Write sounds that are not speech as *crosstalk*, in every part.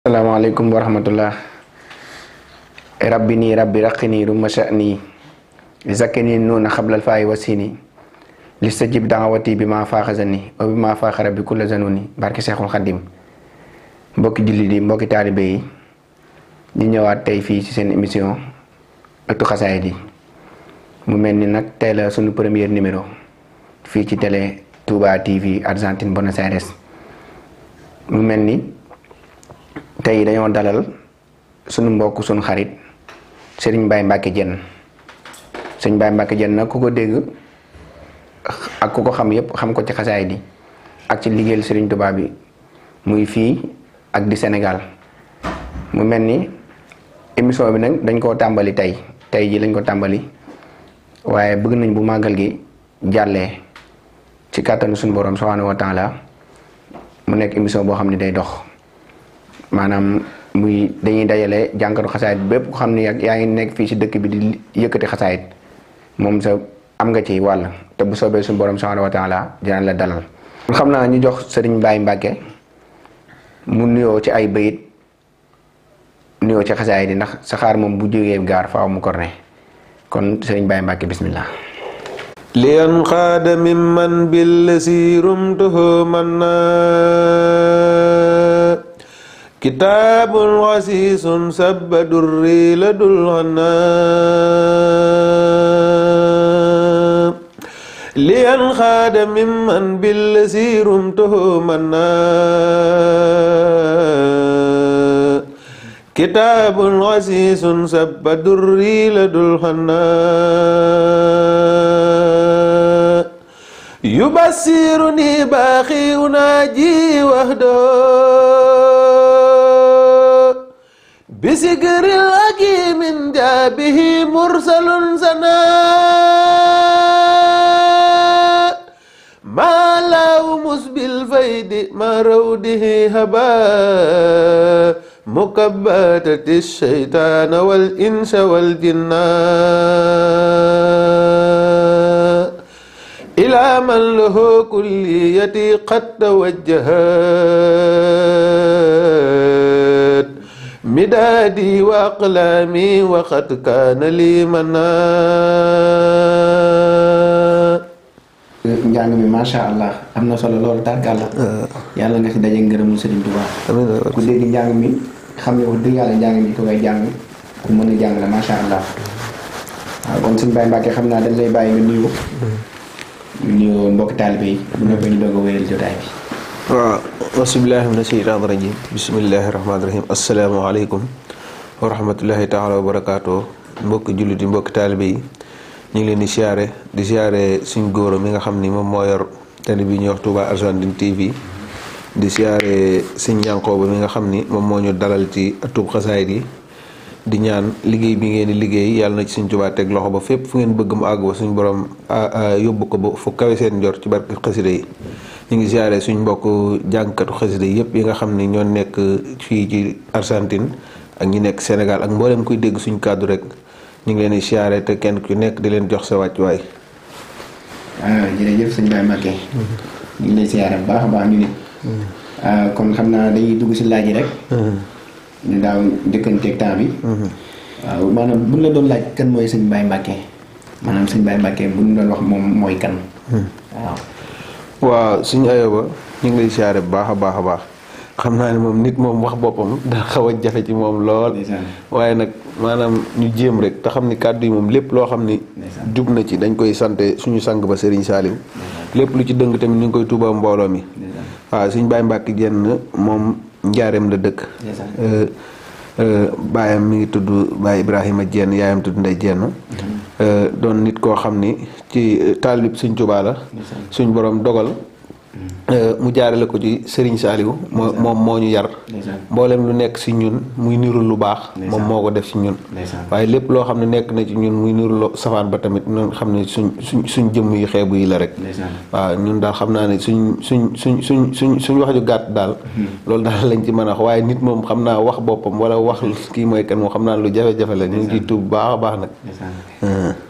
salaamaaleykum wa rahmatullah rabbi nii rabbi raqini rumma sha'ni zakini nuuna xablal faayi wa sini li sa jib daawati bi maa faaxa zani wa bi maa faaxa rabbi kulla zanuni barke Seexul Xadim mbokki jullit yi mbokki taalibe ñu ñëwaat tey fii ci seen émission ëttu xasaayid yi mu mel ni nag tey sunu premier numéro fii ci télé Touba TV Argentine Buenos Aires mu mel ni tey dañoo dalal sunu mbokk sunu xarit sëriñ Baye Mbacke Diène sëriñ Baye Mbacke Diène nag ku ko dégg ak ku ko xam yépp xam ko ci xasaay di ak ci liggéey sëriñ Touba bi muy fii ak di Sénégal mu mel ni émission bi nag dañ koo tàmbali tey tey ji lañ ko tàmbali waaye bëgg nañ bu màggal gi jàlle ci kàttanu suñu borom subhanahu wa taala mu nekk émission boo xam ne day dox maanaam muy dañuy dajale jànkatu xasaayit bépp ko xam ne yaa ngi nekk fii si dëkk bi di yëkkati xasaayit moom sa am nga ci wàll te bu soobee suñu borom subhanahu wa taala dinañ la dalal. xam naa ñu jox sëriñ mbaay Mbacke mu nuyoo ci ay bayit nuyoo ci xasaayit yi ndax saxaar moom bu jógee gaar faaw mu korne kon sëriñ Mbaye Mbacke bismillah. li anqaada mimman billasi rumtuhu manna kitaabun xasiisun sabba durri la dul xanaa liyan xaada mimman bill siirum toho mannaa kitaabun xasiisun sabba durri la dul xanaa yubassiruni baaxi unaaji wahdoo بسكر الأقي من دابه مرسل سناء ما لاومس بالفيد ما روده هباء مكباتة الشيطان والإنس والجناء إلى من له كليتي قد توجها midaadi wa aqlaami wa qad kaana lii manaa njàng mi macha allah am na solo loolu tàggal ah. yàlla nga si daje ngërëmul Sëriñ Tuubaa ku dégg njàng mi xam ne wax dëgg yàlla njàng mi ko koy jàng ku mën a jàng la macha allah waaw ah, kon suñu Baye Mbacke xam naa dañ lay bàyyi nga nuyu mm-hmm. nuyu mbokki taalibe yi bu noppee ñu doog a jotaay bi waaw asubillahi mina sheytaan rajim bisimillahi rahmaani rahim asalaamaaleykum wa rahmatullahi taala wa barakaatu mbokki jullit yi mbokki taalibe yi ñu ngi leen di siyaare di siyaare suñ góoro mi nga xam ni moom moo yor télé bi ñuy wax Touba Argentine TV di siyaare suñ Yankooba mi nga xam ni moom moo ñu dalal ci atub xasaayit yi di ñaan liggéey bi ngeen di liggéey yàlla na ci suñ jubaat teg loxo ba fépp fu ngeen bëgg mu àgg ba suñ borom yóbbu ko ba fu kawe seen njor ci barke xasida yi ñu ngi ziare suñ mbokk jànkatu xasida yëpp yi nga xam ne ñoo nekk fii ci Argentine ak ñi nekk Sénégal ak mboolem kuy dégg suñu kàddu rek ñu ngi leen di ziare te kenn ku nekk di leen jox sa wàccuwaay. waaw ah, jërëjëf sëñ Baye Mbacké. ñu ngi lay bu baax baax ñu nit. Ah, kon xam naa dañuy dugg si laaj yi rek. ñu daaw njëkkanteeg temps bi. waaw maanaam buñ la doon laaj kan mooy sëñ Baye Mbacké maanaam sëñ Baye Mbacké buñ doon wax moom mooy kan. Hmm. waaw. waaw suñu ayoba ñu ngi lay siyaare bu baax a baax a baax xam naa ne moom nit moom wax boppam *laughs* da xaw a jafe ci moom lool. waaye nag maanaam ñu jéem rek te xam ni kàddu yi moom lépp loo xam ni. jub na ci dañ koy sante suñu sang ba Serigne Saliou. lépp lu ci dëng tamit ñu ngi koy tuubaa mbooloo mi. waaw suñu Baye Mbacke jenn moom njaareem la dëkk. Euh, baayam mi ngi tudd Baay Ibrahima Dieng yaayam tudd Ndey Dieng mhm. euh, doon nit koo xam ni ci euh, taalib suñ Tuubaa la suñ borom dogal Euh, mu jaarale ko ci Serigne Saliou moo moom moo ñu yar mboolem lu nekk si ñun muy niru lu baax moom moo ko def si ñun waaye lépp loo xam ne nekk na ci ñun muy niru lu safaan ba tamit noonu xam ne suñ suñ suñ jëmm yi xeebu yi la rek waaw ñun daal xam naa ne suñ suñ suñ suñ suñ suñ wax ju gàtt daal hmm. loolu daal lañ ci mën a wax waaye nit moom xam naa wax boppam wala wax kii mooy kan moom xam naa lu jafe-jafe la ñu ngi ciy tuub baax a baax nag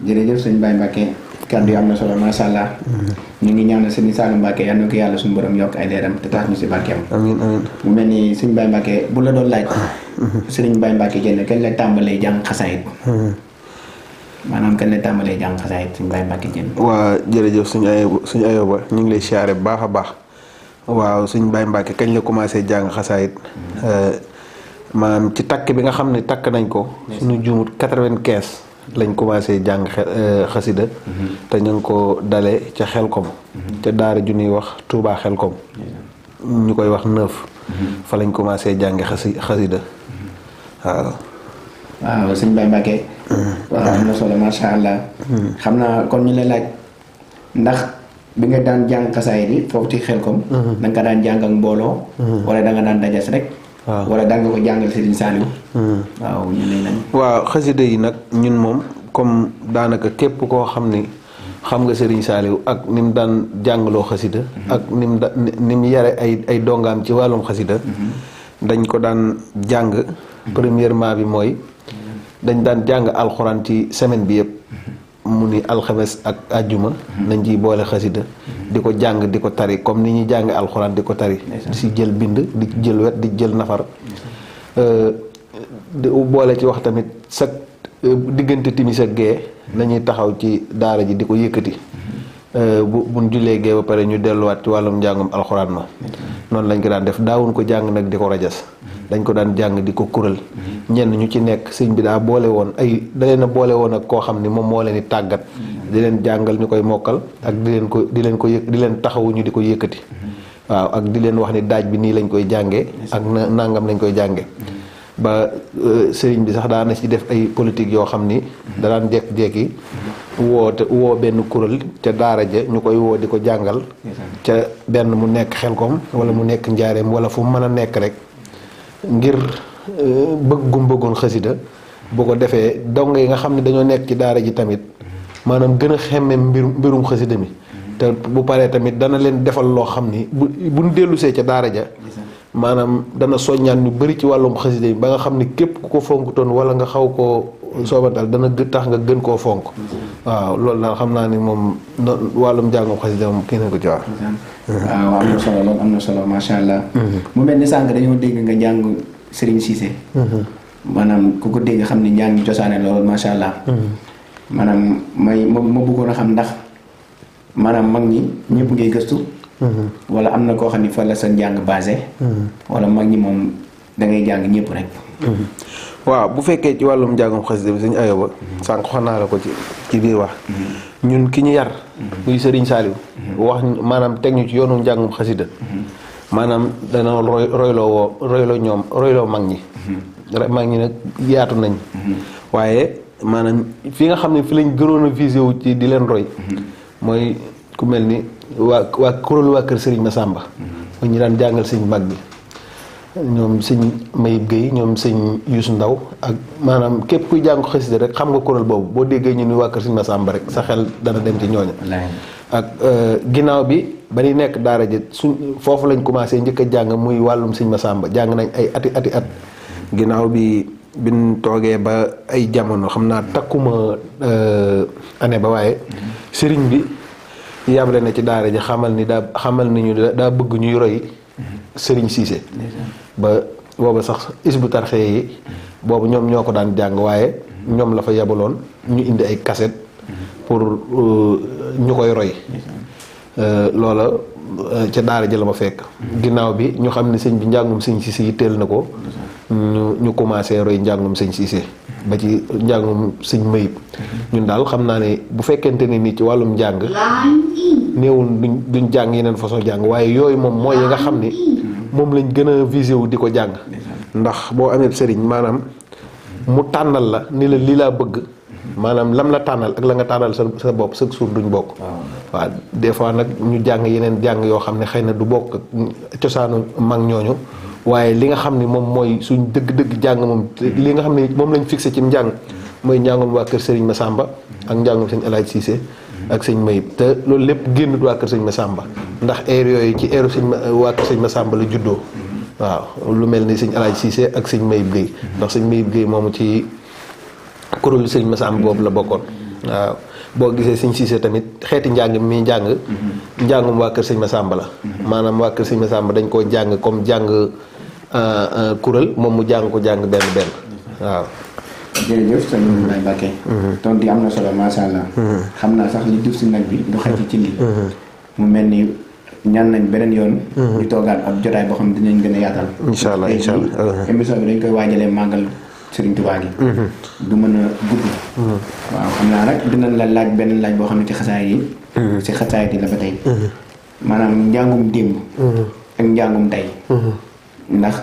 jërëjëf sëñ Baye Mbacke kàddu yi am na solo macha allah. Mm-hmm. ñu ngi ñaanal sëñ Saalum Mbacke yal na yàlla suñu borom yokk ay leeram te tax ñu si barkeem. amiin amiin mu mel ni sëñ Baye Mbacke bu la doon laaj. Mm-hmm. sëñ Baye Mbacke jënd kañ la tàmbalee jàng xasaayit. Mm-hmm. maanaam kañ la tàmbalee jàng xasaayit sëñ Baye waa jërëjëf suñu suñu ayoo ñu ngi lay siyaare bu baax a baax. waaw suñu Baye Mbacke kañ la commencé jàng xasaayit euh, maanaam ci takk bi nga xam ne takk nañ ko. suñu juumut quatre vingt lañ commencé jàng euh, xasida mm-hmm. te ñu ngi ko dale ca xelkom mm-hmm. ca daara ju ñuy wax xel xelkom ñu koy wax neuf mm-hmm. fa lañ commencé jàngi xasi xasida waaw waaw sëñ Baye Mbacké waaw am na macha allah xam naa kon ñu lay laaj ndax bi nga daan jàng xasaay bi foofu ci xelkom da nga daan jàng ak mbooloo wala da nga daan dajas rek wala daan nga ko jàngal hmm. xasida yi nag ñun moom comme daanaka képp koo xam ni. xam nga Serigne Saliou ak ni mu daan jàngaloo xasida hmm. ak ni mu da yare ay ay dongaam ci wàllum xasida hmm. dañ ko daan jàng. premièrement bi mooy. dañ daan jàng alxuraan ci semaine bi yëpp. ni alxames ak àjjuma nañ ciy boole xasida di ko jàng di ko tari comme ni ñuy jàng alxuraan di ko tari di si jël bind di jël wet di jël nafar euh, boole ci wax tamit sag euh, diggante timis ak gee nañuy taxaw ci daara ji di ko yëkkati euh, bu buñ julee gee ba pare ñu delluwaat ci wàllum njàngum alxuraan ma noonu lañ ko daan def daawun ko jàng nag di ko rajas dañ ko daan jàng di ko kural ñenn ñu ci nekk sëñ bi daa boole woon ay da leen boole woon ak koo xam ni moom moo leen di tàggat di leen jàngal ñu koy mokkal ak di leen ko di leen ko yëg di leen taxawu ñu di ko yëkkati waaw ak di leen wax ni daaj bi nii lañ koy jànge ak na nangam lañ koy jànge ba euh, sëriñ bi sax daana si def ay politique yoo xam ni da daan jekk-jekki woo te woo benn kuréel ca daara ja ñu koy woo di ko jàngal ca benn mu nekk xel xelkom wala mu nekk njaareem wala fu mën a nekk rek ngir euh, bëggum bëggoon xasida boo ko defee dong yi nga xam ne dañoo nekk ci daara ji tamit maanaam gën a xemme mbir mbirum xasida mi te bu paree tamit dana leen defal loo xam ni bu buñ dellusee ca daara ja maanaam dana soññaan yu bëri ci wàllum xasida mi ba nga xam ne képp ku ko fonkutoon wala nga xaw ko soobantal dana tax nga gën koo fonk waaw loolu daal xam naa ni moom wàllum jàngum xasida moom kii nañ ko ci wax waaw am na solo loolu macha allah mm-hmm. mu mel ni sànq dañoo dégg nga jàng Serigne Cissé mm-hmm. maanaam ku ko dégg xam ne njàng cosaane loolu macha allah mm-hmm. maanaam may ma ma bëggoon a xam ndax maanaam mag ñi ñëpp ngay gëstu wala am na koo xam ne fa la sa njàng basé wala mag ñi moom dangay jàng ñëpp rek waaw bu fekkee ci wàllum njàngum xasida bi sëñ Ayoba mhm. sànq xon naa la ko ci ci biir wax mhm. ñun ki ñu yar mhm. muy sëriñ Saaliw wax maanaam teg ñu ci yoonu njàngum xasida maanaam dana roy royloo woo ñoom royloo mag ñi mag ñi nag yaatu nañ waaye maanaam fi nga xam ne fi lañ gënoon a visé wu ci di leen roy mooy ku mel ni waa waa kuréelu waa kër sëriñ Masamba ñu daan jàngal sëñ mag bi ñoom sëñ may Guèye ñoom sëñ Youssou Ndaw ak maanaam képp kuy jàng xasida rek xam nga kuréel boobu boo déggee ñu ni waa kër sëñ Massamba rek sa xel dana dem ci ñooña ak euh, ginnaaw bi ba ñuy nekk daara ji suñ foofu lañu commencé njëkk a jàng muy wàllum sëñ sàmba jàng nañ ay ati ati at ginnaaw bi biñ toogee ba ay jamono xam naa takkuma euh, année ba waaye sëriñ bi yàble na ci daara ji xamal ni daa xamal ni ñu daa bëgg ñuy roy Serigne Cissé. ba booba sax isbu tarxe yi boobu ñoom ñoo ko daan jàng waaye ñoom la fa yebaloon ñu indi ay kaset pour euh, ñu koy roy euh, loola euh, ca daara jëla ma fekk ginnaaw bi ñu xam ne sëñ bi njàngum sëñ Cissé yi teel na ko ñu ñu commencé roy njàngum sëñ Cissé ba ci njàngum sëñ Mayib ñun daal xam naa ne bu fekkente ni nii ci wàllum njàng néewul duñ duñ jàng yeneen façon jàng waaye yooyu moom mooy yi nga xam ni moom lañ gën a visé wu di ko jàng ndax boo amee sëriñ maanaam mu tànnal la ni la lii laa bëgg maanaam lam la tànnal ak la nga tànnal sa sa bopp sa suur duñ bokk ah. waa des fois nag ñu jàng yeneen jàng yoo xam ne xëy na du bokk cosaanu mag ñooñu waaye li nga xam ni moom mooy suñ dëgg-dëgg jàng moom li nga xam ne moom lañ fixé ci njàng mooy njàngum waa kër Serigne sàmba ak njàngum sëñ El Hadj ak sëñ Mayib te loolu lépp génnut waa kër sëñ sàmba ndax air yooyu ci airu sëñ waa kër sëñ Massamba la juddoo waaw lu mel ni sëñ Alaaj Cissé ak sëñ Mayib Guèye ndax sëñ Mayib Guèye moomu ci kuréelu sëñ Massamba boobu la bokkoon waaw boo gisee sëñ Cissé tamit xeeti njàng mi njàng njàngum waa kër sëñ sàmba la maanaam waa kër sëñ sàmba dañ koo jàng comme jàng euh, euh, kuréel moom mu jàng ko jàng benn benn waaw jërëjëf sëñ Moulay Mbacké mm-hmm. tontu yi am na solo macha allah. Mm-hmm. xam naa sax li duf si nag bi du xaj ci cin li mm-hmm. mu mel ni ñaan nañ beneen yoon ñu toogaat ab jotaay boo xam ne dinañ gën a yaatal incha allah incha allah uh-huh. émission bi dañ koy waajalee màggal Serigne Touba gi du mën a gudd waaw xam naa nag dinañ la laaj beneen laaj boo xam ne ci xasaay yi si xasaay yi la ba tey maanaam njàngum démb ak njàngum tey ndax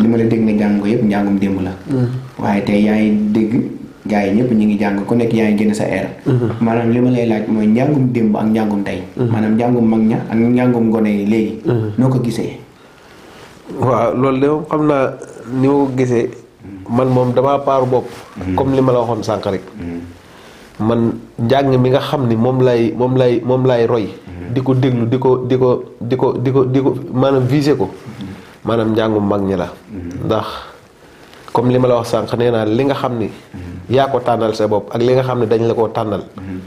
li ma la dégg nga jàng ko yëpp njàngum démb la. Mm-hmm. waaye tey yaa ngi dégg gars yi ñëpp ñu ngi jàng ku nekk yaa ngi génn sa air. Mm-hmm. maanaam li ma lay laaj mooy njàngum démb ak njàngum tey. Mm-hmm. maanaam njàngum mag ña ak njàngum yi léegi. ko gisee. waaw loolu de xam naa ni ma ko gisee. man moom damaa paaru bopp. comme li ma la waxoon sànq rek. man njàng mi nga xam ni moom lay moom lay moom lay roy. di ko déglu di ko di ko di ko di ko di ko maanaam visé ko. maanaam njàngum mag ñi la mm-hmm. ndax comme li ma la wax sànq nee naa li nga xam ni mm-hmm. yaa ko tànnal sa bopp ak li nga xam ne dañ la koo tànnal mm-hmm.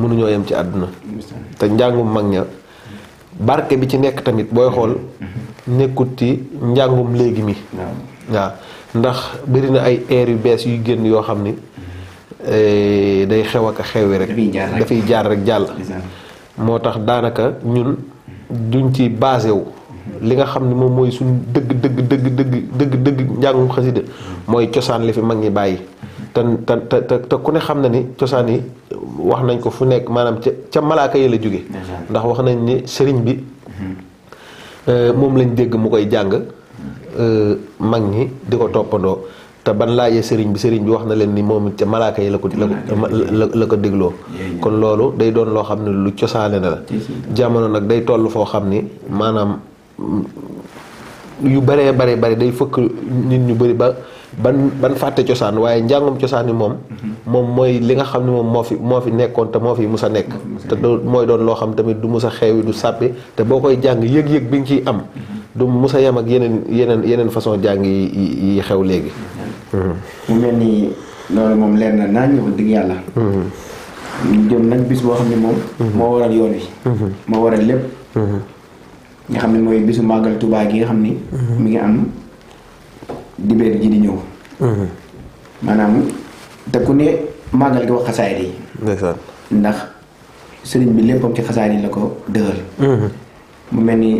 mënuñoo yem ci àdduna te njàngum mag ña barke bi ci nekk tamit booy xool nekkut ci njàngum léegi mi waaw ndax bëri na ay air yu bees yuy génn yoo xam ni eh, day xew ak a xewi rek dafay jaar rek jàll moo tax daanaka ñun duñ ci basé wu li nga xam ne moom mooy suñu dëgg dëgg dëgg dëgg dëgg njàngum xasida mooy cosaan li fi mag ñi bàyyi te te te ku ne xam na ni cosaan yi wax nañ ko fu nekk maanaam ca ca malaaka yi la jóge wax nañ ni sëriñ bi euh, moom lañ dégg mu koy jàng euh, mag ñi di ko toppandoo te ban laajee sëriñ bi sëriñ bi wax na leen ni moom ca malaaka yi la ko la la ko dégloo kon loolu day doon loo xam ne lu cosaane na la jamono nag day toll foo xam ni maanaam yu bëree bare bëri day fëkk nit ñu bëri ba ban ban fàtte cosaan waaye njàngum cosaan yi moom mhm. moom mooy li nga xam ne moom moo fi moo fi nekkoon te moo fi mus a nekk te do loo xam tamit du mus a xeewi du sàppi te boo koy jàng yëg-yëg bi nga ciy am mhm. du mus a yem ak yeneen yeneen yeneen façon jàng yi xew léegi mhm. mu moom leer na naa ñëw dëgg yàlla jëm nañ bis boo xam ne moom moo waral yoon wi moo waral lépp nga xam ne mooy bisu màggal Tuubaa gi nga xam ni. mu mhm. ngi am dibéer ji di ñëw. Mhm. maanaam te ku ne màggal gi wax xasaayid yi. ndax sëriñ bi léppam ci xasaayid yi la ko dëgër. Mhm. mu mel ni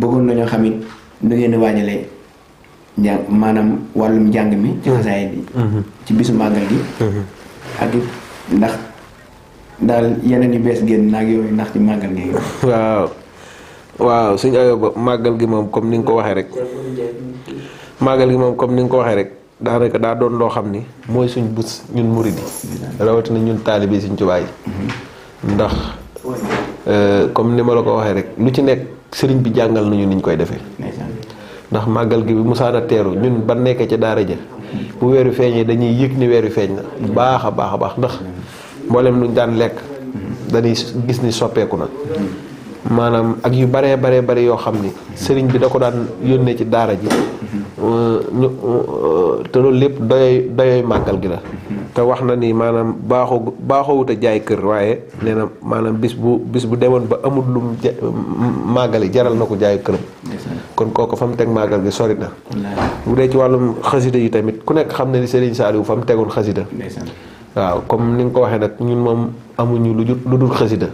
bëggoon nañoo xam it nu ngeen di njàng maanaam wàllum njàng mi. ci xasaayid yi. ci bisu màggal gi. ak it ndax daal yeneen yu bees génn naag yooyu ndax ci màggal gi. *laughs* waaw. waaw suñu ayoba màggal gi moom comme ni nga ko waxee rek màggal gi moom comme ni nga ko waxee rek daanaka daa doon loo xam ni mooy suñ bus ñun murid rawatina ñun taalibe suñ Tuubaa yi ndax euh, comme ni ma la ko waxee rek lu ci nekk sëriñ bi jàngal nañu niñ koy defee ndax màggal gi bi musaana teeru ñun ba nekkee ci daara ja bu weeru feeñee dañuy yëg ni weeru feeñ na baax a baax a baax ndax mboolem luñ daan lekk dañuy gis ni soppeeku na maanaam ak yu baree baree bari yoo xam ni sëriñ bi da ko daan yónnee ci daara ji mhm. te loolu lépp doyoy doyoy màggal gi la mhm. te wax na ni maanaam baaxoo baaxoowut a jaay kër waaye nee na maanaam bis bu bis bu demoon ba amut lu lum màggali jaral na ko jaay këram kon kooku fa mu teg màggal gi sori na bu dee ci wàllum xasida yi tamit ku nekk xam ne ni sëriñ Saliou fa mu tegoon xasida waaw comme ni nga ko waxee nag ñun moom amuñu lu dul xasida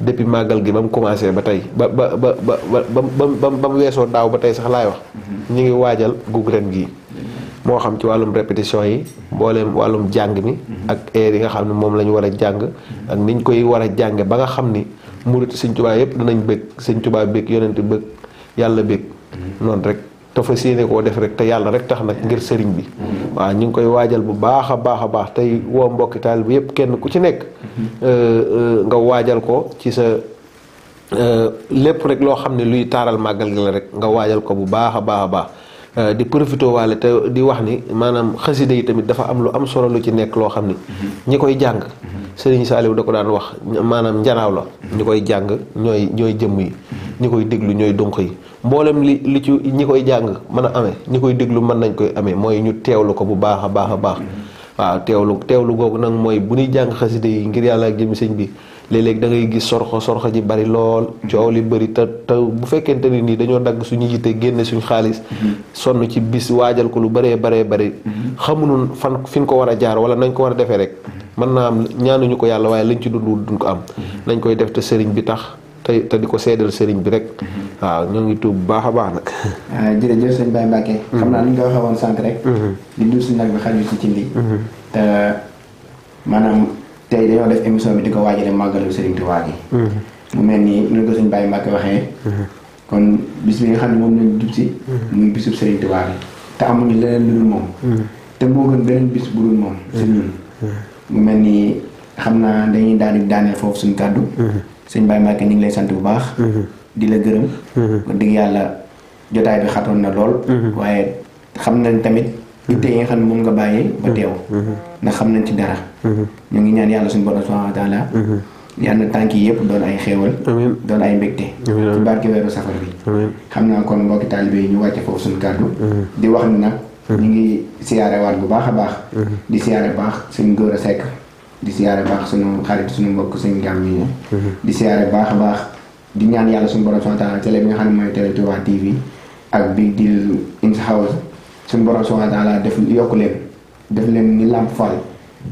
depuis màggal gi ba mu commencé ba tey ba ba ba ba ba ba mu weesoo daaw ba tey sax laay wax mhm. ñu ngi waajal gug ren gi moo xam ci wàllum répétition yi mbooleem wàllum jàng mi mhm. ak air yi nga xam ne moom la ñu war a jàng mhm. ak niñ koy war a jànge ba nga xam ni murit sëñ Tuubaa yëpp danañ bëgg sëñ Tuubaa bëgg yonent bëgg yàlla bëgg noonu rek te fas yéene koo def rek te yàlla rek tax nag ngir sëriñ bi waaw ñu ngi koy waajal bu baax a baax a baax tey woo mbokki taal bi yëpp kenn ku ci nekk mm-hmm. euh, euh, nga waajal ko ci sa euh, lépp rek loo xam ne luy taaral màggal gi rek nga waajal ko bu baax a baax a baax di profité waale te di wax ni maanaam xasida yi tamit dafa am lu am solo lu ci nekk loo xam ni mm-hmm. ñi koy jàng sëriñ sa Saaliw da ko daan wax maanaam njanaaw la mm-hmm. ñi koy jàng ñooy ñooy jëmm yi ñu koy diglu ñooy dunq yi mboolem li li ci ñi koy jàng mën a amee ñi koy déglu mën nañ koy amee mooy ñu teewlu ko bu baax a baax a baax mm-hmm. waaw teewlu teewlu googu nag mooy bu ñuy jàng xasida yi ngir yàlla ak jëmi sëñ bi léeg-léeg da ngay gis sorxo sorxo ji bari lool mm-hmm. coow li bëri te te bu fekkente ni nii dañoo dagg suñu yite génne suñu xaalis mm-hmm. sonn ci bis waajal ko lu bëree baree bari xamuñu fan fi ñu ko war a jaar wala nañ ko war a defee rek mën naa am ñaanuñu ko yàlla waaye lañ ci dund duñ ko am nañ koy def te sëriñ bi tax te te di ko seedal sëriñ bi rek. Mhm. waaw ñoo ngi tuub bu baax a baax nag. Ah, jërëjëf sëñ Baye Mbacke. Mhm. xam naa ni ñu ko waxee woon sant rek. Mhm. di dul si nag bi xaju si ci lii. te maanaam tey dañoo def émission bi di ko waajalee màggalu sëriñ Tuubaa gi. mu mel ni ñu ko sëñ Baye Mbacke waxee. kon bis bi nga xam ne moom lañ jub si. muy bisub te amuñu leneen lu dul moom. te moo gën beneen bis bu dul moom. si ñun. mu mel ni xam naa dañuy daal di daaneel foofu suñ kàddu. suñ Baye Mbacké ñu ngi lay sant bu baax. Mm-hmm. di la gërëm. Mm-hmm. wax digg yàlla jotaay bi xatoon na lool. Mm-hmm. waaye xam nañ tamit. itte yi nga xam ne moom nga bàyyee ba teew. ndax xam nañ ci dara. ñu ngi ñaan yàlla suñu borom subhanahu wa taala. tànk yëpp doon ay xéewal. doon ay mbégte. ci barke weeru safar bi. xam naa kon mbokki taalibe yi ñu wàcce foofu suñ kàddu. di wax ni nag. ñu ngi siyaare waat bu baax a baax. di siyaare baax suñ góor a sekk. di siyaare baax sunu xarit sunu mbokk sëñ Gam yi mm-hmm. di siyaare baax a baax di ñaan yàlla suñu borom subhanahu wa taala télé bi nga xam ne mooy télé Touba TV ak Big Deal in house suñu borom subhanahu ni Lamp Fall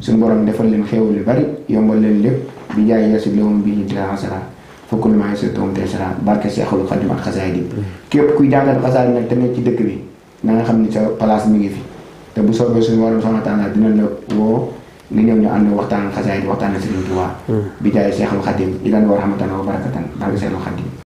suñu borom defal leen xéewal yu bari yombal leen lépp di jaay yeesu léewum bi ñu dila xasara fokk lu maay surtout te sara barke Seexul Xadim ak xasaay di mm-hmm. képp kuy jàngal xasaay ci dëkk bi na nga ni sa place mi ngi fi te bu soobee suñu borom subhanahu wa taala dina la woo nga ñëw ñu ànd waxtaan xasaay hmm. di waxtaan Serigne Touba bi jaay Cheikhul Khadim ilan wa rahmatan wa barakatan barke Cheikhul Khadim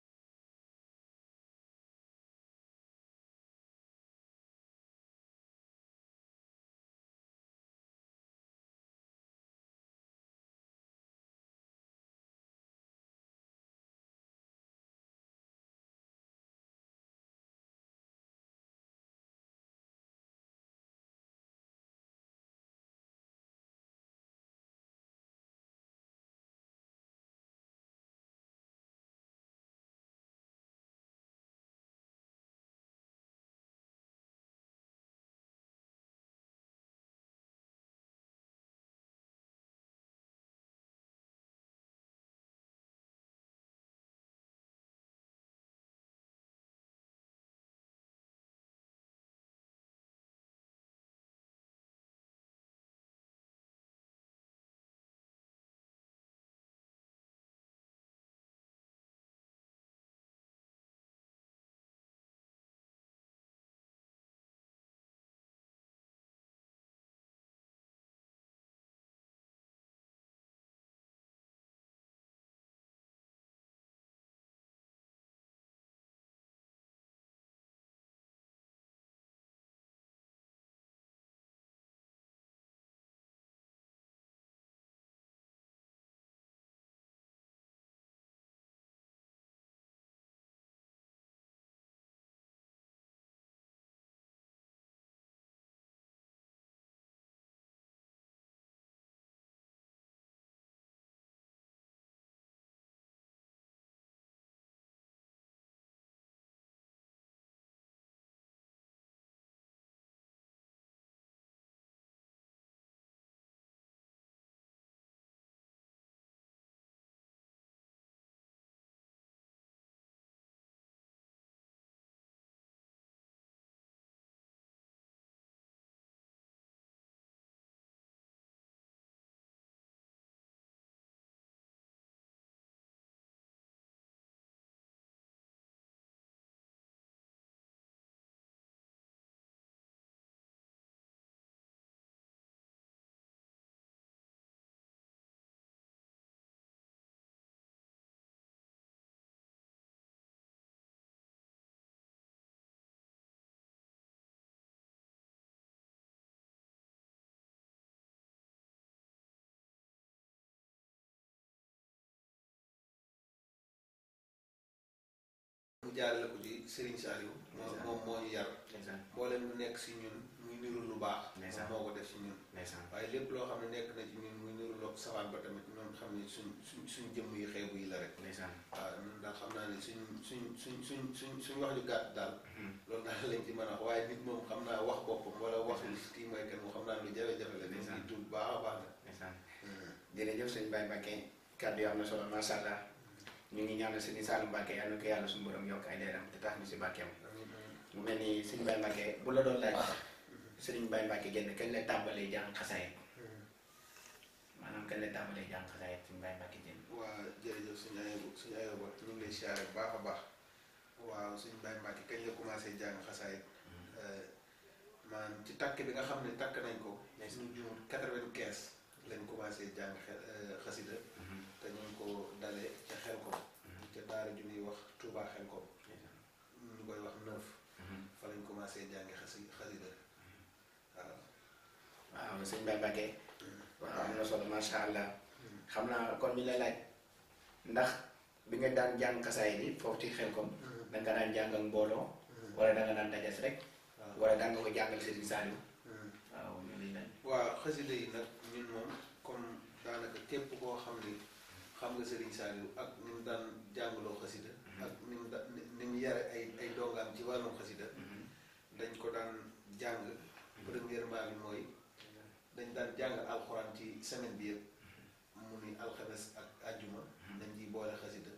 jaarale ko ci Serigne Saliou. moom moo ñu yar. mboolem lu nekk si ñun muy niru lu baax. moo ko def si ñun. waaye lépp loo xam ne nekk na ci ñun muy niru loo sawaan ba tamit ñoom xam ne suñ suñ suñ jëmm yi xeebu yi la rek. waaw ñun daal xam naa ne suñ suñ suñ suñ suñ suñ wax ju gàtt daal. Mm-hmm. loolu daal lañ ci mën a wax waaye nit moom xam naa wax boppam wala wax kii mooy kenn moo xam naa lu jafe-jafe la. ndeysaan nit ñi tuut baax a baax la. Mm-hmm. jërëjëf sëñ Baye Mbacké kàddu yi am na solo macha allah ñu ngi ñaanal Serigne Saliou Mbacke yal na ko yàlla suñu borom yokk ay leeram te tax ñu si Mbackeem mu mel ni Serigne Baye Mbacke bu la doon laaj Serigne Baye Mbacke génn kañ la tàmbalee jàng xasaayit maanaam kañ la tàmbalee jàng xasaayit Serigne Baye Mbacke génn waaw jërëjëf suñu ayoo suñu ayoo ba ñu ngi lay siyaare bu baax a baax waaw Serigne Baye Mbacke kañ la commencé eh, jàng xasaayit maanaam ci takk bi nga xam ne takk nañ ko suñu juróom quatre-vingt-quinze leen commencé jàng xasida te ñu ko dalee ca Xelkom mm-hmm. ca daara ju ñuy wax Touba Xelkom mm-hmm. ñu koy wax neuf mm-hmm. fa lañ commencé jàngi xasi xasida waaw si sëñ Mbaye Mbacké waaw am na solo macha allah xam naa kon ñu lay laaj ndax bi nga daan jàng kasaay bi foofu ci Xelkom da nga daan jàng ak mbooloo wala da nga daan dajas rek wala daan nga ko jàngal Serigne Saliou waaw ñu lay waaw xasida yi nag ñun moom comme daanaka képp koo xam ni xam nga Serigne Saliou ak ni mu daan jàngaloo xasida mhm. ak ni mu daan ni mu yare ay ay dongaam ci wàllum xasida mhm. dañ ko daan jàng mhm. premièrement bi mooy dañ daan jàng alxuraan ci semaine bi yëpp mu ni alxames ak àjjuma dañ ciy boole xasida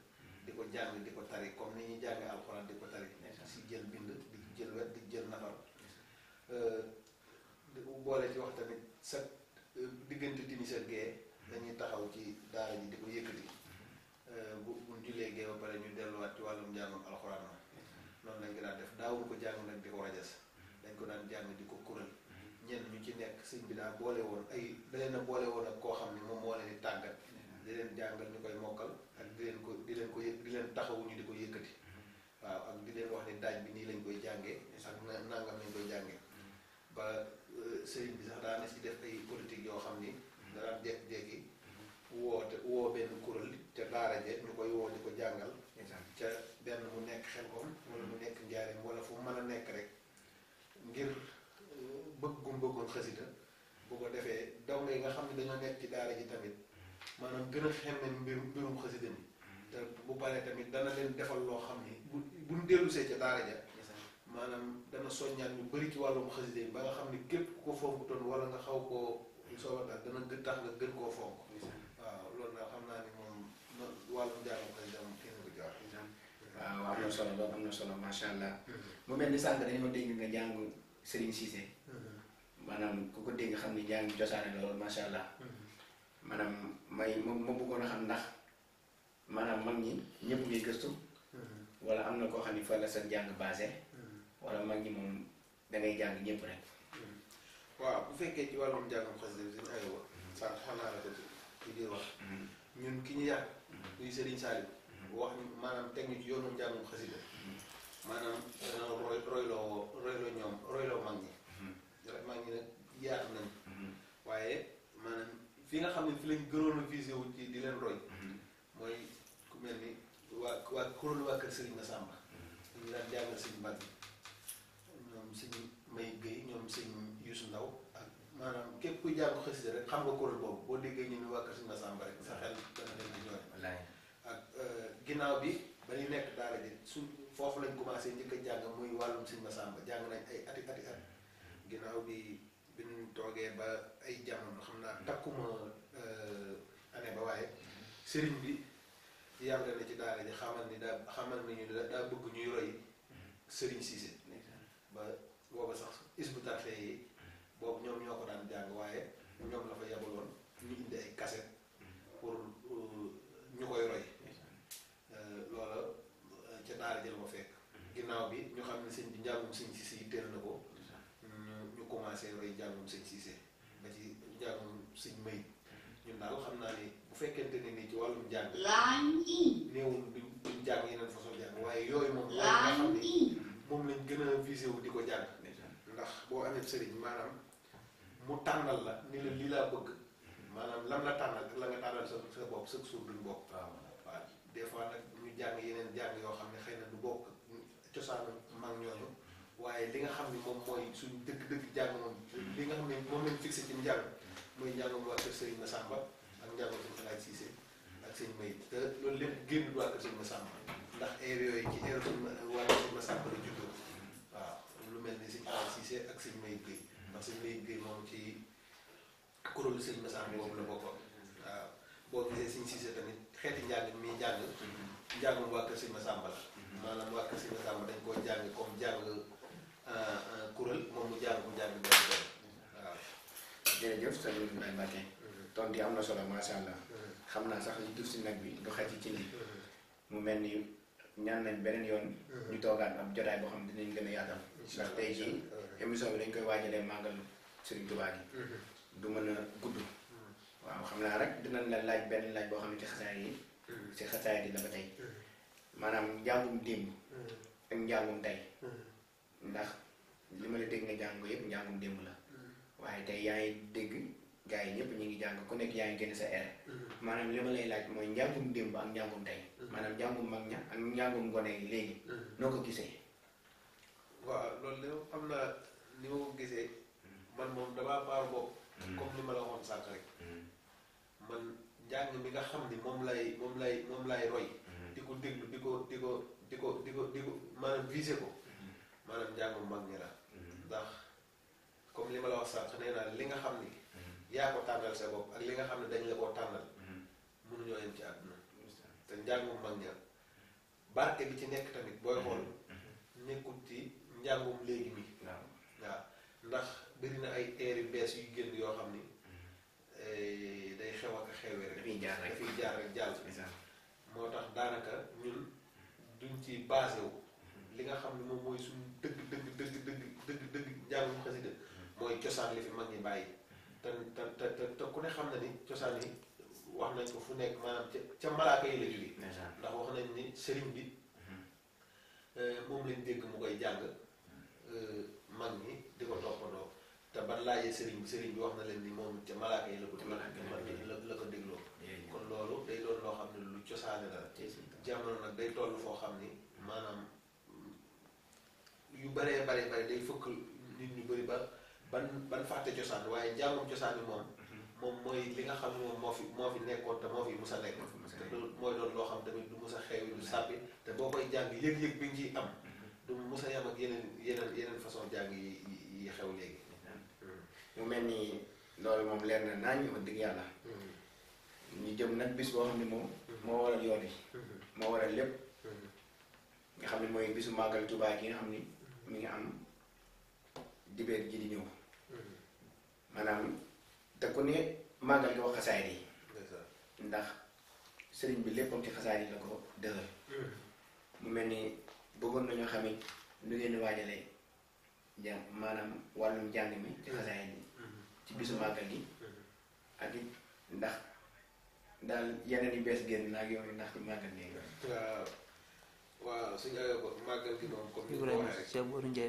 di ko jàng di ko tari comme ni ñuy jàng alxuraan di ko tari si jël bind di jël wet di jël nafar euh, di boole ci wax tamit sa euh, diggante timis gee dañuy taxaw ci daara ji di ko yëkkati mhm. uh, bu bu jullee gee ba pare ñu delluwaat ci wàllum njàngam alxuraan ma mhm. noonu lañ ko daan def daawul ko jàng nag di ko rajas mhm. dañ ko daan jàng di ko kural ñenn ñu ci nekk sëñ bi daa boole woon ay da a boole woon ak koo xam ne moom moo leen di tàggat di leen jàngal ñu koy mokkal ak di leen ko di leen ko di leen taxawu di ko yëkkati waaw ak di leen wax ne daaj bi nii lañ koy jàngee ak nangam lañ koy jàngee ba uh, sëriñ maanaam gën a xemmeen mbirum mbirum xasida mi mm-hmm. te bu pare tamit dana leen defal loo xam ni bu buñ dellu see ca daara ja maanaam dana soññaat ñu bëri ci wàllum xasida yi ba nga xam ne képp ku ko fonk toon wala nga xaw ko soobatal dana gën tax nga gën koo foofu waaw loolu nag xam naa ni moom wàllum jàngam xasida moom kenn waaw am na am na solo macha allah mm-hmm. mu mel ni sànq dañoo dégg nga jàng Serigne Cissé mm-hmm. maanaam ku ko dégg xam ne jàng cosaane la loolu macha allah maanaam may ma ma bëggoon a xam ndax maanaam mag ñi ñëpp ngay gëstu. Mm-hmm. wala am na ko xam ne fa la sa jàng basé. Mm-hmm. wala mag ñi moom dangay ngay jàng ñëpp rek. Mm-hmm. waaw bu fekkee ci wàllum jàngam xasida bi dañu aywa. sànq xam wax. ñun ki ñu yàgg. muy Serigne Saliou. wax maanaam teg yoonu jàngam xasida maanaam dana roy royloo royloo ñoom royloo mag ñi. mag ñi nag yaatu nañ waaye maanaam. fi nga xam ne fi lañ gënoon a visé wu ci di leen roy mhm. mooy ku mel ni waa waa kuréel waa kër Serigne Massamba mhm. ñu ñoom sëñ May Guèye ñoom sëñ Youssou Ndaw ak maanaam képp kuy jàng xasida rek xam nga kuréel boobu boo déggee ñu ne waa kër Serigne Massamba rek sa xel dana dem di ak euh, ginnaaw bi ba ñu nekk daara ji su foofu lañ commencé njëkk a jàng muy wàllum Serigne Massamba jàng nañ ay ati ati at mhm. ginnaaw bi bi ñu toogee ba ay jamono xam naa mm-hmm. takkuma euh, année ba waaye mm-hmm. sëriñ bi yàlla na ci daara ji xamal ni daa xamal nañu daa bëgg ñuy roy mm-hmm. sëriñ Cissé ba booba sax is bu line in. néewul duñ duñ jàng yeneen façon jàng waaye yooyu moom. line e. moom lañ gën a visé wu di ko jàng. ndax boo amee sëriñ maanaam mu tàngal la ni la lii laa bëgg maanaam lam la tànnal la nga tànnal sa sa bopp sa suuf duñ bopp. waaw ah, waaw des fois nag ñu jàng yeneen jàng yoo xam ne xëy na du bokk cosaanu mag ñooñu waaye li nga xam ne moom mooy suñu dëgg-dëgg jàng moom li nga xam ne moom lañ fixé ci njàng mooy njàngam waa kër Sëriñ Masamba ak njàngam si Mayit te loolu lépp génn si kër sëñ Massamba ndax air yooyu ci air waa kër sëñ Massamba la juddoo waaw lu mel ni sëñ Awa Cissé ak sëñ Mayit Gueye ndax sëñ Mayit Gueye moom ci kuréelu sëñ Massamba boobu la bokkoon mi njàng njàngum waa kër sëñ Massamba la maanaam waa dañ koo jàng comme jàng euh, kuréel moom mu jàng mu jàng benn benn waaw jërëjëf sëñ Mbaye Mbacké tontu yi am na solo macha allah xam naa sax li duf si nag bi du xaj ci li mm-hmm. mu mel ni ñaan nañ beneen yoon mm-hmm. ñu toogaat ab jotaay boo xam ne dinañ gën a yaatal ndax tey jii mm-hmm. émission bi dañ koy waajalee màggal Serigne Touba gi du mën xam naa rek dinañ la laaj benn laaj boo xam ne ci yi si xasaay di la tey maanaam njàngum démb ak njàngum tey ndax li ma la dégg nga jàng yëpp njàngum démb la waaye tey yaa dégg gars yi ñëpp ñu ngi jàng ku nekk yaa ngi génn sa air mm-hmm. maanaam li ma lay laaj mooy njàngum démb ak njàngum tey mm-hmm. maanaam njàngum mag ña ak njàngum gone yi mm-hmm. ko gisee loolu de xam naa ma ko gisee man moom damaa baar boobu nga xam ni moom lay lay lay roy di ko déglu di ko di di ko di di ko maanaam visé ko maanaam mag ñi la ndax comme li ma la wax sànq nee li nga xam ni yaa ko tànnal sa bopp ak li nga xam ne dañ la koo tànnal mm-hmm. mënuñoo yem ci àdduna te njàngum mag ña barke bi ci nekk tamit booy mm-hmm. xool mm-hmm. nekkul ci njàngum léegi mi waaw ndax bëri na ay air yu bees yu génn yoo xam ni eh, day xew ak a xewee rek dafiy jaar rek jàll moo tax daanaka ñun duñ ci basé wu li nga xam ne moom mooy suñu dëgg dëgg dëgg dëgg dëgg dëgg njàngum xasida mooy cosaan li fi mag ñi bàyyi te te te ku ne xam na ni cosaan yi wax nañ ko fu nekk maanaam ca ca malaaka yi la jógee. ndax wax nañ ni sëriñ bi mhm. euh, moom lañ dégg mu koy jàng mhm. euh, mag ñi di ko toppandoo te ban laajee sëriñ bi sëriñ bi wax na leen ni moom ca malaaka yi la ko. dégloo. kon loolu day doon loo xam ne lu cosaane la. jamono nag day toll foo xam ni maanaam yu baree bare bare day fëkk nit ñu bëri ba. ban ban fàtte cosaan waaye jaamu cosaan bi moom. Mhm. moom mooy li nga xam ne moo fi moo fi nekkoon te moo fi mus a nekk. te du mooy doon loo xam tamit du mus a xewi du te boo koy jàng yëg-yëg bi nga mhm. a yam ak yeneen yeneen façon jàng yi xew léegi. Mhm. Hmm. mel ni loolu moom leer na naa ñu wax yàlla. Hmm. ñu jëm nag bis boo xam ne moom. Hmm. moo waral yoon yi. moo waral lépp. nga xam ne mooy bisu màggal Tuubaa gi nga xam ni mi ngi am dibeer ji di ñëw. maanaam te ku ne màggal gi wax xasaayid yi ndax sëriñ bi léppam ci xasaayid yi la ko dëgër hmm. mu mel ni bëggoon nañoo xamit lu ngeen waajale jàng maanaam wàllum jàng mi ci xasaayid yi hmm. ci bisu màggal gi hmm. ak ndax daal yeneen yu bees génn naag yooyu ndax ci màggal gi waaw waaw suñu ko màggal gi moom comme ni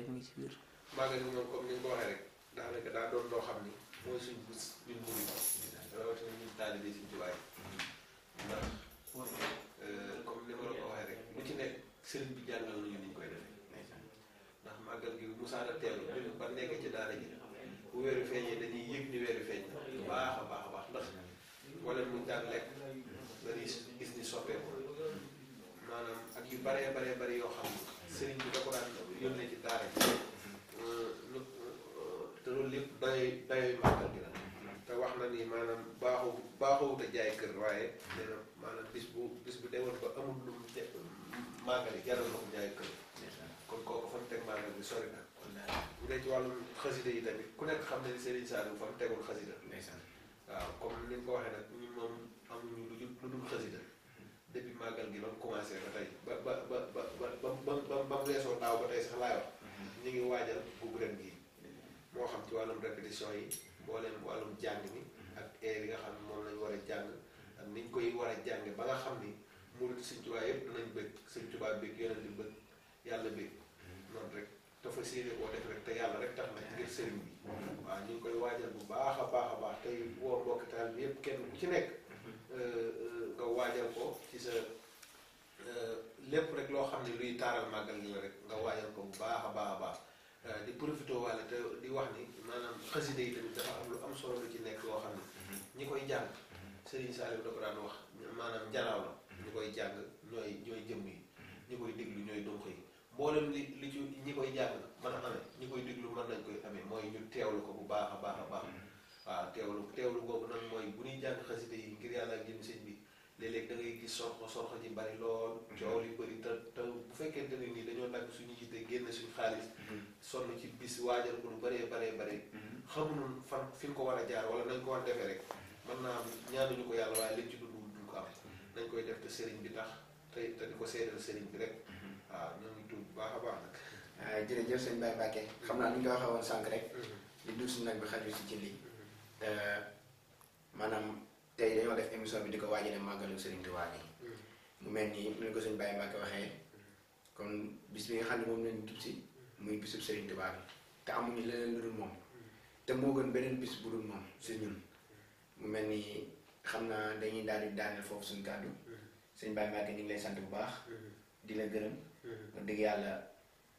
ko waxee rek daa doon loo xam ni mooy suñ bés ñun ndax euh, comme ni ma waxee rek ci nekk sëriñ bi jàngal nañu ni ñu koy defee ndax teelu ba nekk ci daara ji bu weeru feeñee dañuy yëg ni weeru feeñ baax a baax a baax ndax wala mu daan lekk dañuy gis ni soppeeku maanaam ak yu baree baree bari yoo xam sëriñ bi da ko daan yónnee ci daara ji euh, te loolu lépp doy doy màggal gi la te wax na ni maanaam baaxu baaxuwut jaay kër waaye nee na maanaam bis bu bis bu demoon ba amul lu mu màggali yi na ko jaay kër kon kooku fa mu teg màggal bi sori na bu dee ci wàllum xasida yi tamit ku nekk xam ne ni Serigne Saliou fa mu tegul xasida waaw comme ni ko waxee nag ñu moom amuñu lu jub lu dul xasida depuis màggal gi ba mu commencé ba tey ba ba ba ba ba ba ba mu weesoo daaw ba tey sax laay wax mhm. ñu ngi waajal bu ren gi moo xam ci wàllum répétition yi leen wàllum jàng mi ak air yi nga xam ne moom lañ war a jàng ak niñ koy war a jàng ba nga xam ni murid Sëñ Tuubaa yëpp danañ bëgg Sëñ Tuubaa bëgg yonent bi bëgg yàlla bëgg noonu rek dafa séené koo def rek te yàlla rek tax na ngir sëriñ bi waaw ñu ngi koy waajal bu baax a baax a baax tey woo mbokk taal bi yëpp kenn ku ci nekk mhm. euh, euh, nga waajal ko ci sa euh, lépp rek loo xam ne luy taaral màggal la rek nga waajal ko bu baax a baax a baax Euh, di profité walla te di wax ni maanaam xasida yi tamit dafa am lu am solo lu ci nekk loo xam ne mhm. ñi koy jàng mhm. Serigne Saliou da ko daan wax maanaam jalaaw la mhm. ñi koy jàng ñooy ñooy jëmm yi ñi koy déglu ñooy dunq yi mboolem li li ci ñi koy jàng man a amee ñi koy déglu mën nañ koy amee mooy ñu teewlu ko bu baax a baax a baax waaw teewlu teewlu boobu nag mooy bu ñuy jàng xasida yi ngir yàlla ak jëm sëñ bi léeg-léeg da ngay gis sorxo sorxo ji bari lool mhm. coow li bëri te te bu fekkente ne nii dañoo nag suñu yitte génn suñu xaalis mhm. sonn ci bis waajal ko lu baree baree bëri mhm. xamuñu fan fi nga ko war a jaar wala nañ ko war a defee rek mën naa ñaanuñu ko yàlla waaye liñ ci dund duñ ko am nañ koy def te sëriñ bi tax te te di ko seedal sëriñ bi rek waaw ñooñu ngi baax a baax nag ah, jërëjëf sëñ Baye Mbacke xam naa ni ñu ko waxee woon sànq rek li dul suñu nag bi xaju si ci lii euh, tey dañoo def émission bi di ko waajale màggalu Serigne Touba bi mu mel nii nu ko sëñ Baye Mbacke waxee kon bis bi nga xam ne moom lañ jub si muy bisu Serigne Touba bi te amuñu leneen lu dul moom te moo gën beneen bis bu dul moom si ñun mu mel nii xam naa dañuy daal di daaneel foofu suñ kàddu sëñ Baye Mbacke ñu ngi lay sant bu baax di la gërëm wax yàlla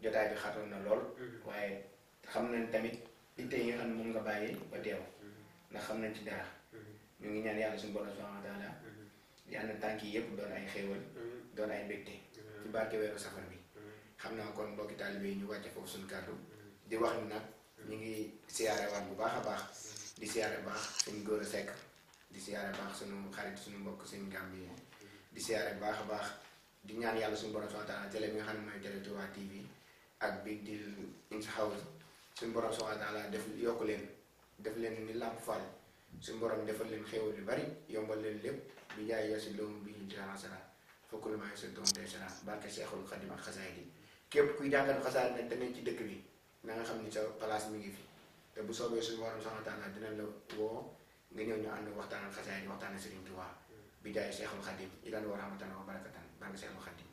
jotaay bi xatoon na lool waaye xam nañ tamit itte yi nga xam ne moom nga bàyyi ba teew nañ ci dara mu ngi ñaan yàlla suñu borom subhanahu wa taala mm-hmm. yëpp doon ay xéewal mm-hmm. doon mm-hmm. bi xam naa kon mbokki taalibe yi ñu wàcce foofu suñu kàddu di wax ni ñu ngi siyaare waat bu baax a baax di siyaare baax suñu góor a di siyaare suñu xarit suñu mbokk suñu Gàmbi yi di siyaare baax a baax di ñaan yàlla suñu borom subhanahu wa taala télé bi nga xam ne mooy télé Touba TV ak Big Deal in house suñu def yokk leen def leen ni làmp faal suñu borom defal leen xéewal yu bari yombal leen lépp bi jaay yaa si doom bi ñu foo sara fokk lu maay sa doom tey sara barke Seexul Xadim ak xasaay yi képp kuy jàngal xasaay nag danañ ci dëkk bi na nga xam ni sa place mi ngi fi te bu soobee suñu borom subhaanahu wa taala dinañ la woo nga ñëw ñu ànd waxtaan ak xasaay yi waxtaan ak Sëriñ Tuubaa bi jaay Seexul Xadim yi daan war a xamante ne wa barakatan barke Seexul Xadim